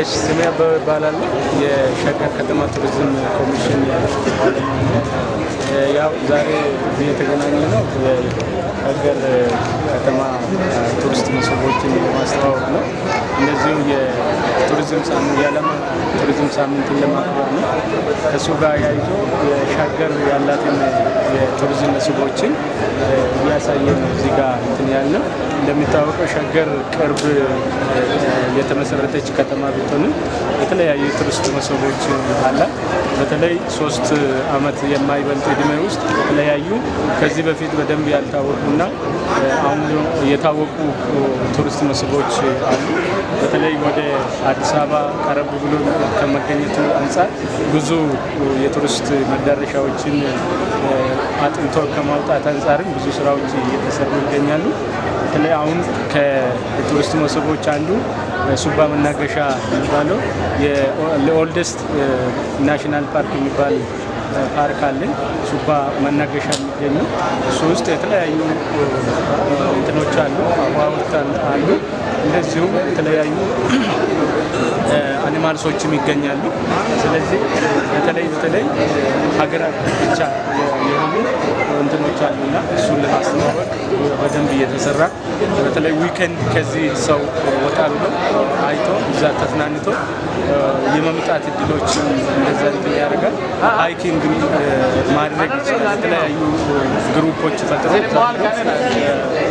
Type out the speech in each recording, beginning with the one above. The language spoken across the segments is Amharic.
እሺ ስሜ አበበ እባላለሁ። የሸገር ከተማ ቱሪዝም ኮሚሽን ያው ዛሬ እዚህ የተገናኘ ነው የሸገር ከተማ ቱሪስት መስህቦችን ለማስተዋወቅ ነው። እንደዚሁም የቱሪዝም ሳምንት የዓለም ቱሪዝም ሳምንትን ለማክበር ነው። ከእሱ ጋር ያይዞ የሻገር ያላትን የቱሪዝም መስህቦችን እያሳየ ነው እዚህ ጋር እንትን ያልነው። እንደሚታወቀው ሻገር ቅርብ የተመሰረተች ከተማ ብትሆንም የተለያዩ የቱሪስት መስህቦች አለ። በተለይ ሶስት አመት የማይበልጥ እድሜ ውስጥ የተለያዩ ከዚህ በፊት በደንብ ያልታወቁና አሁን የታወቁ ቱሪስት መስህቦች አሉ። በተለይ ወደ አዲስ አበባ ቀረብ ብሎ ከመገኘቱ አንጻር ብዙ የቱሪስት መዳረሻዎችን አጥንቶ ከማውጣት አንጻርም ብዙ ስራዎች እየተሰሩ ይገኛሉ። በተለይ አሁን ከቱሪስት መስህቦች አንዱ ሱባ መናገሻ የሚባለው ለኦልደስት ናሽናል ፓርክ የሚባል ፓርክ አለ። ሱባ መናገሻ የሚገኘው እሱ ውስጥ የተለያዩ እንትኖች አሉ፣ አሉ እንደዚሁም የተለያዩ አኒማልሶችም ይገኛሉ። ስለዚህ በተለይ በተለይ ሀገራት ብቻ የሆኑ እንትኖች አሉና እሱን ለማስተዋወቅ በደንብ እየተሰራ በተለይ ዊከንድ ከዚህ ሰው ወጣ ብሎ አይቶ እዛ ተዝናንቶ የመምጣት እድሎች እንደዛ እንትን ያደርጋል። ሃይኪንግ ማድረግ ይችላል። የተለያዩ ግሩፖች ፈጥሮ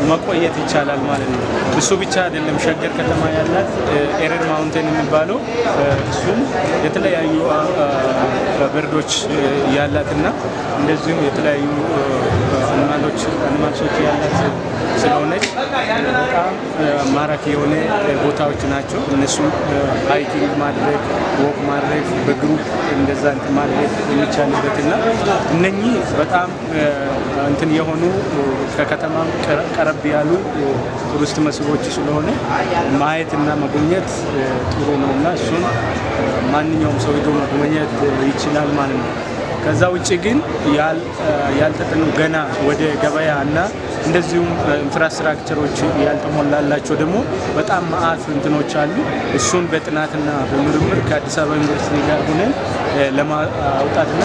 መቆየት ይቻላል ማለት ነው። እሱ ብቻ አይደለም፣ ሸገር ከተማ ያላት ኤረር ማውንቴን የሚባለው እሱም የተለያዩ በርዶች ያላትና እንደዚሁም የተለያዩ አኒማሎች አኒማልሶች ያላት ስለሆነች በጣም ማራኪ የሆነ ቦታዎች ናቸው። እነሱ ሃይኪንግ ማድረግ፣ ወክ ማድረግ፣ በግሩፕ እንደዛ እንትን ማድረግ የሚቻልበት እና እነኚህ በጣም እንትን የሆኑ ከከተማ ቀረብ ያሉ ቱሪስት መስህቦች ስለሆነ ማየት እና መጎብኘት ጥሩ ነው እና እሱን ማንኛውም ሰው ሄዶ መጎብኘት ይችላል ማለት ነው። ከዛ ውጭ ግን ያልተጠኑ ገና ወደ ገበያ እና እንደዚሁም ኢንፍራስትራክቸሮች ያልተሞላላቸው ደግሞ በጣም መአት እንትኖች አሉ። እሱን በጥናትና በምርምር ከአዲስ አበባ ዩኒቨርሲቲ ጋር ሆነን ለማውጣትና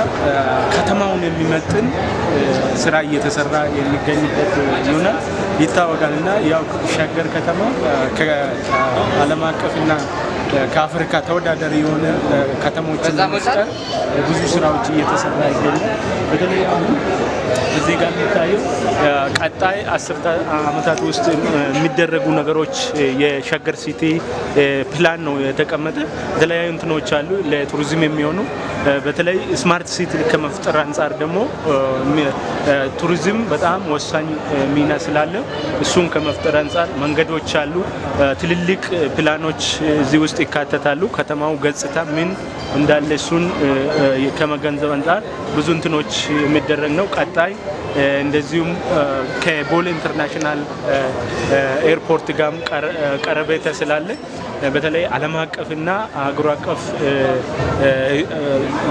ከተማውን የሚመጥን ስራ እየተሰራ የሚገኝበት ይሆናል ይታወቃልና ያው ሸገር ከተማ ከዓለም አቀፍና ከአፍሪካ ተወዳዳሪ የሆነ ከተሞችን ለመፍጠር ብዙ ስራዎች እየተሰራ ይገኛል። በተለይ አሁን እዚህ ጋር የሚታየው ቀጣይ አስር ዓመታት ውስጥ የሚደረጉ ነገሮች የሸገር ሲቲ ፕላን ነው የተቀመጠ። የተለያዩ እንትኖች አሉ ለቱሪዝም የሚሆኑ በተለይ ስማርት ሲቲ ከመፍጠር አንጻር ደግሞ ቱሪዝም በጣም ወሳኝ ሚና ስላለ እሱን ከመፍጠር አንጻር መንገዶች አሉ፣ ትልልቅ ፕላኖች እዚህ ውስጥ ይካተታሉ። ከተማው ገጽታ ምን እንዳለ እሱን ከመገንዘብ አንጻር ብዙ እንትኖች የሚደረግ ነው። ቀጣይ እንደዚሁም ከቦሌ ኢንተርናሽናል ኤርፖርት ጋር ቀረቤተ ስላለ በተለይ ዓለም አቀፍና አገር አቀፍ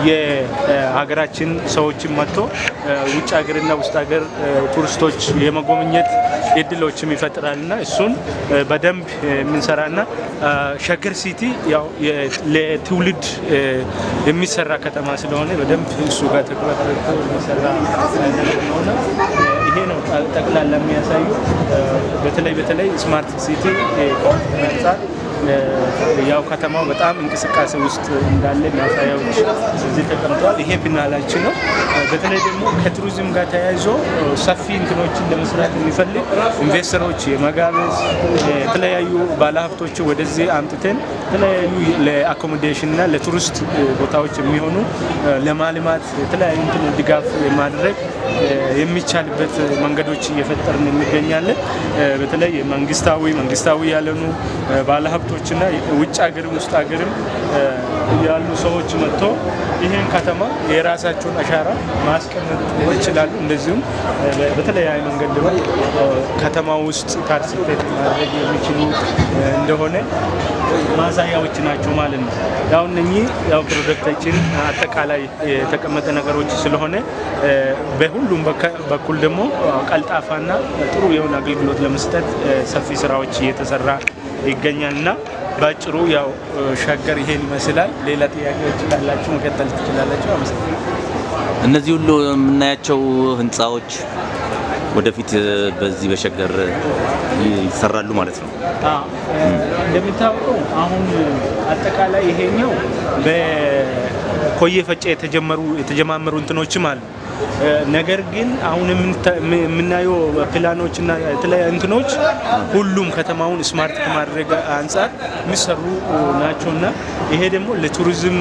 የሀገራችን ሰዎችን መጥቶ ውጭ ሀገርና ውስጥ ሀገር ቱሪስቶች የመጎብኘት እድሎችም ይፈጥራልና እሱን በደንብ የምንሰራና ሸገር ሲቲ ለትውልድ የሚሰራ ከተማ ስለሆነ በደንብ እሱ ጋር ትኩረት የሚሰራ ነውና ይሄ ነው ጠቅላላ የሚያሳዩ በተለይ በተለይ ስማርት ሲቲ መንጻት ያው ከተማው በጣም እንቅስቃሴ ውስጥ እንዳለ ማሳያዎች እዚህ ተቀምጠዋል። ይሄ ብናላችን ነው። በተለይ ደግሞ ከቱሪዝም ጋር ተያይዞ ሰፊ እንትኖችን ለመስራት የሚፈልግ ኢንቨስተሮች የመጋበዝ የተለያዩ ባለሀብቶች ወደዚህ አምጥተን የተለያዩ ለአኮሞዴሽን እና ለቱሪስት ቦታዎች የሚሆኑ ለማልማት የተለያዩ ድጋፍ ማድረግ የሚቻልበት መንገዶች እየፈጠርን እንገኛለን። በተለይ መንግስታዊ መንግስታዊ ያለኑ ባለሀብቶች ባለሀብቶችና ውጭ ሀገርም ውስጥ ሀገርም ያሉ ሰዎች መጥቶ ይህን ከተማ የራሳቸውን አሻራ ማስቀመጥ ይችላሉ። እንደዚሁም በተለያየ መንገድ ደግሞ ከተማ ውስጥ ፓርቲስፔት ማድረግ የሚችሉ እንደሆነ ማሳያዎች ናቸው ማለት ነው። ያው እነኚህ ያው ፕሮጀክታችን አጠቃላይ የተቀመጠ ነገሮች ስለሆነ በሁሉም በኩል ደግሞ ቀልጣፋና ጥሩ የሆነ አገልግሎት ለመስጠት ሰፊ ስራዎች እየተሰራ ይገኛል በአጭሩ ያው ሸገር ይሄን ይመስላል። ሌላ ጥያቄዎች ካላችሁ መቀጠል ትችላላችሁ። አመሰግናለሁ። እነዚህ ሁሉ የምናያቸው ህንፃዎች ወደፊት በዚህ በሸገር ይሰራሉ ማለት ነው። እንደሚታወቀው አሁን አጠቃላይ ይሄኛው በኮዬ ፈጬ የተጀመሩ የተጀማመሩ እንትኖችም አሉ ነገር ግን አሁን የምናየው ፕላኖች እና የተለያዩ እንትኖች ሁሉም ከተማውን ስማርት ከማድረግ አንጻር የሚሰሩ ናቸው እና ይሄ ደግሞ ለቱሪዝም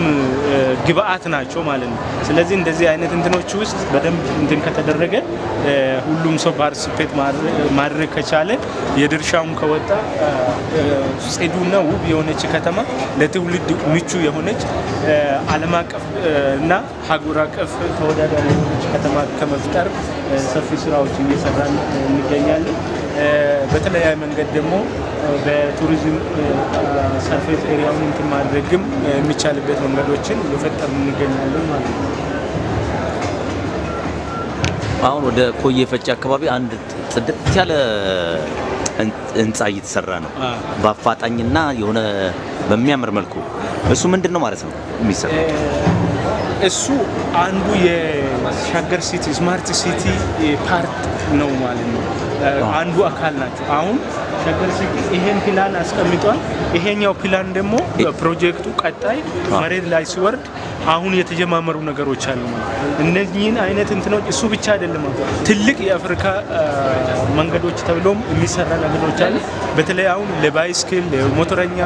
ግብአት ናቸው ማለት ነው። ስለዚህ እንደዚህ አይነት እንትኖች ውስጥ በደንብ እንትን ከተደረገ ሁሉም ሰው ፓርቲሲፔት ማድረግ ከቻለ የድርሻውን ከወጣ ጽዱና ውብ የሆነች ከተማ ለትውልድ ምቹ የሆነች ዓለም አቀፍ እና ሀገር አቀፍ ተወዳዳሪ የሆነች ከተማ ከመፍጠር ሰፊ ስራዎች እየሰራ እንገኛለን። በተለያየ መንገድ ደግሞ በቱሪዝም ሰርፌስ ኤሪያውን እንትን ማድረግም የሚቻልበት መንገዶችን እየፈጠሩ እንገኛለን ማለት ነው። አሁን ወደ ኮዬ ፈጬ አካባቢ አንድ ጽድት ያለ ህንፃ እየተሰራ ነው በአፋጣኝና የሆነ በሚያምር መልኩ። እሱ ምንድን ነው ማለት ነው የሚሰራው? እሱ አንዱ የሸገር ሲቲ ስማርት ሲቲ ፓርት ነው ማለት ነው። አንዱ አካል ናቸው አሁን ነገር ሲቲ ይሄን ፕላን አስቀምጧል። ይሄኛው ፕላን ደግሞ ፕሮጀክቱ ቀጣይ መሬት ላይ ሲወርድ አሁን የተጀማመሩ ነገሮች አሉ። እነዚህን አይነት እንትኖች እሱ ብቻ አይደለም፣ ትልቅ የአፍሪካ መንገዶች ተብሎም የሚሰራ ነገሮች አሉ። በተለይ አሁን ለባይስክል ለሞተረኛ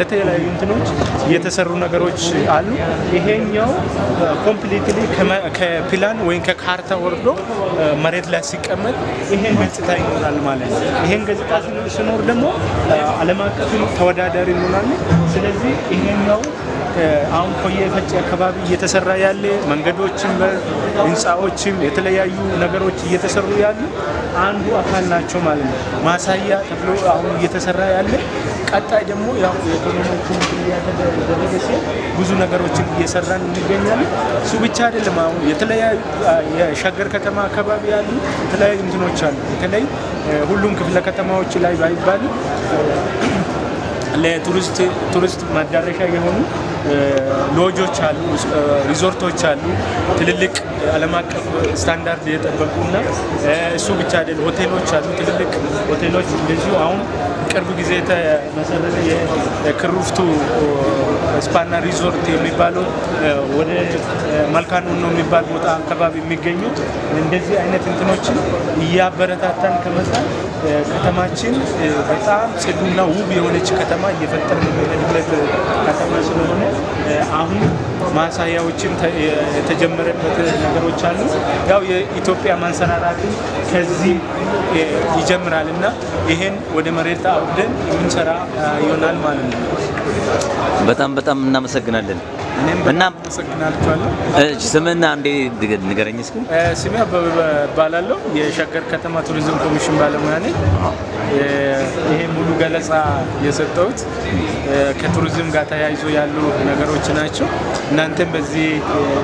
ለተለያዩ እንትኖች የተሰሩ ነገሮች አሉ። ይሄኛው ኮምፕሊትሊ ከፕላን ወይም ከካርታ ወርዶ መሬት ላይ ሲቀመጥ ይሄን ገጽታ ይኖራል ማለት ነው። ይሄን ገጽታ ሲኖር ደግሞ ዓለም አቀፍ ተወዳዳሪ እንሆናለን። ስለዚህ ይሄኛው አሁን ኮየ ፈጬ አካባቢ እየተሰራ ያለ መንገዶችም፣ ህንፃዎችም የተለያዩ ነገሮች እየተሰሩ ያሉ አንዱ አካል ናቸው ማለት ነው። ማሳያ ተብሎ አሁን እየተሰራ ያለ ቀጣይ ደግሞ ያው እያደረገ ሲሆን ብዙ ነገሮችን እየሰራን እንገኛለን። እሱ ብቻ አይደለም። አሁን የተለያዩ የሸገር ከተማ አካባቢ ያሉ የተለያዩ እንትኖች አሉ። በተለይ ሁሉም ክፍለ ከተማዎች ላይ ባይባል ለቱሪስት ቱሪስት መዳረሻ የሆኑ ሎጆች አሉ፣ ሪዞርቶች አሉ። ትልልቅ ዓለም አቀፍ ስታንዳርድ የጠበቁ እና እሱ ብቻ አይደል ሆቴሎች አሉ፣ ትልልቅ ሆቴሎች እንደዚሁ አሁን ቅርብ ጊዜ የተመሰረተ የክሩፍቱ ስፓና ሪዞርት የሚባለው ወደ መልካኑ ነው የሚባል ቦታ አካባቢ የሚገኙ እንደዚህ አይነት እንትኖችን እያበረታታን ከመጣን ከተማችን በጣም ጽዱና ውብ የሆነች ከተማ እየፈጠረ የሚሄድበት ከተማ ስለሆነ አሁን ማሳያዎችን የተጀመረበት ነገሮች አሉ። ያው የኢትዮጵያ ማንሰራራትን ከዚህ ይጀምራል እና ይሄን ወደ መሬት አውርደን የምንሰራ ይሆናል ማለት ነው። በጣም በጣም እናመሰግናለን። እና ስምና እንዴ ንገረኝ እስኪ። ስሜ አበበ እባላለሁ። የሸገር ከተማ ቱሪዝም ኮሚሽን ባለሙያ ነኝ። ይሄ ሙሉ ገለጻ የሰጠሁት ከቱሪዝም ጋር ተያይዞ ያሉ ነገሮች ናቸው። እናንተም በዚህ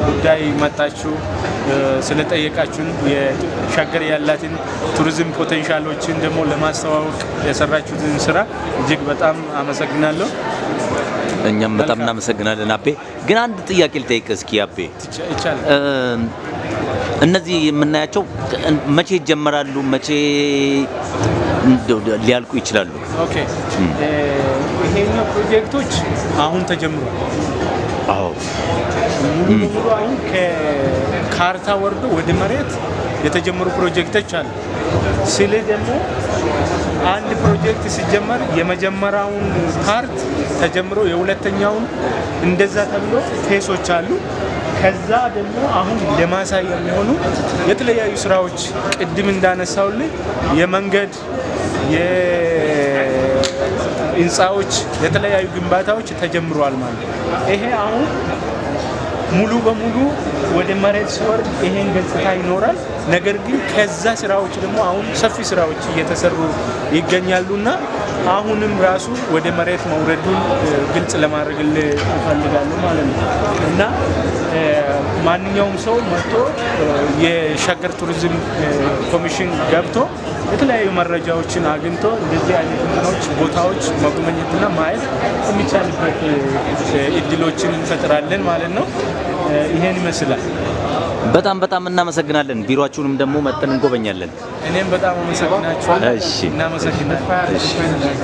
ጉዳይ መጣችሁ ስለጠየቃችሁን የሸገር ያላትን ቱሪዝም ፖቴንሻሎችን ደግሞ ለማስተዋወቅ የሰራችሁትን ስራ እጅግ በጣም አመሰግናለሁ። እኛም በጣም እናመሰግናለን አቤ። ግን አንድ ጥያቄ ልጠይቅ እስኪ አቤ፣ እነዚህ የምናያቸው መቼ ይጀመራሉ? መቼ ሊያልቁ ይችላሉ? ኦኬ ይሄኛው ፕሮጀክቶች አሁን ተጀምሩ አዎ ሙሉ አሁን ከካርታ ወርዶ ወደ መሬት የተጀመሩ ፕሮጀክቶች አሉ። ስለ ደግሞ አንድ ፕሮጀክት ሲጀመር የመጀመሪያውን ፓርት ተጀምሮ የሁለተኛውን እንደዛ ተብሎ ኬሶች አሉ። ከዛ ደግሞ አሁን ለማሳያ የሚሆኑ የተለያዩ ስራዎች ቅድም እንዳነሳውልኝ የመንገድ የህንፃዎች፣ የተለያዩ ግንባታዎች ተጀምረዋል ማለት ነው። ይሄ አሁን ሙሉ በሙሉ ወደ መሬት ሲወርድ ይሄን ገጽታ ይኖራል። ነገር ግን ከዛ ስራዎች ደግሞ አሁን ሰፊ ስራዎች እየተሰሩ ይገኛሉና አሁንም ራሱ ወደ መሬት መውረዱን ግልጽ ለማድረግ እፈልጋለሁ ማለት ነው እና ማንኛውም ሰው መጥቶ የሸገር ቱሪዝም ኮሚሽን ገብቶ የተለያዩ መረጃዎችን አግኝቶ እንደዚህ አይነት እንትኖች ቦታዎች መጎብኘትና ማየት የሚቻልበት እድሎችን እንፈጥራለን ማለት ነው። ይሄን ይመስላል። በጣም በጣም እናመሰግናለን። ቢሮአችሁንም ደግሞ መጥተን እንጎበኛለን። እኔም በጣም አመሰግናችኋለሁ። እሺ፣ እናመሰግናለን።